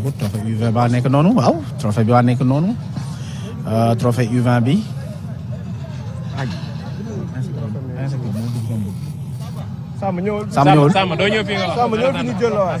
ko trophée U20 baa nekk noonu waaw trophée bi waa nekk noonu euh, trophée U20 bi. Samba ñëwul Samba ñëwul Samba doo ñëw fii nga wax Samba ñëwul fi ñu jël la waay.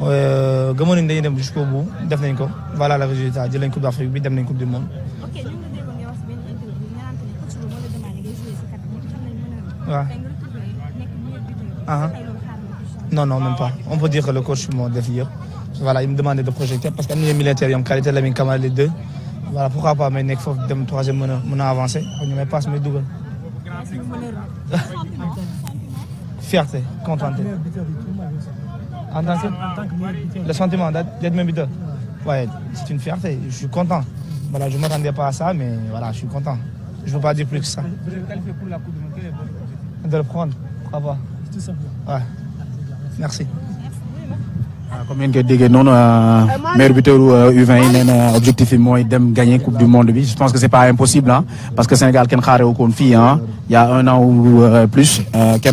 Euh, gëmoon nañ dañuy dem jusqu'au bout def nañ ko voilà le résultat jël nañ coupe d'Afrique bi dem nañ coupe du monde. waaw. ah. ah. non non même pas on peut dire que le coach moo def yëpp voilà il me demandait de projeter parce que am nañu militaire yom qualité Lamine Camara les deux voilà pourquoi pas may nekk foofu dem troisième mën a mën a avancer ñu may passe may dugal. fierté contenté. En le sentiment d'être même buteur. Ouais, c'est une fierté. Je suis content. Voilà, je ne m'attendais pas à ça, mais voilà, je suis content. Je ne veux pas dire plus que ça. De le prendre, C'est tout simple. Ouais. Merci. Ah, comme de dégâts non noonu euh, meilleur buteur U20 l'objectif est na objectif gagner coupe du monde je pense que c'est pas impossible hein parce que Sénégal qui a un fii ah il y a un an ou euh, plus Euh,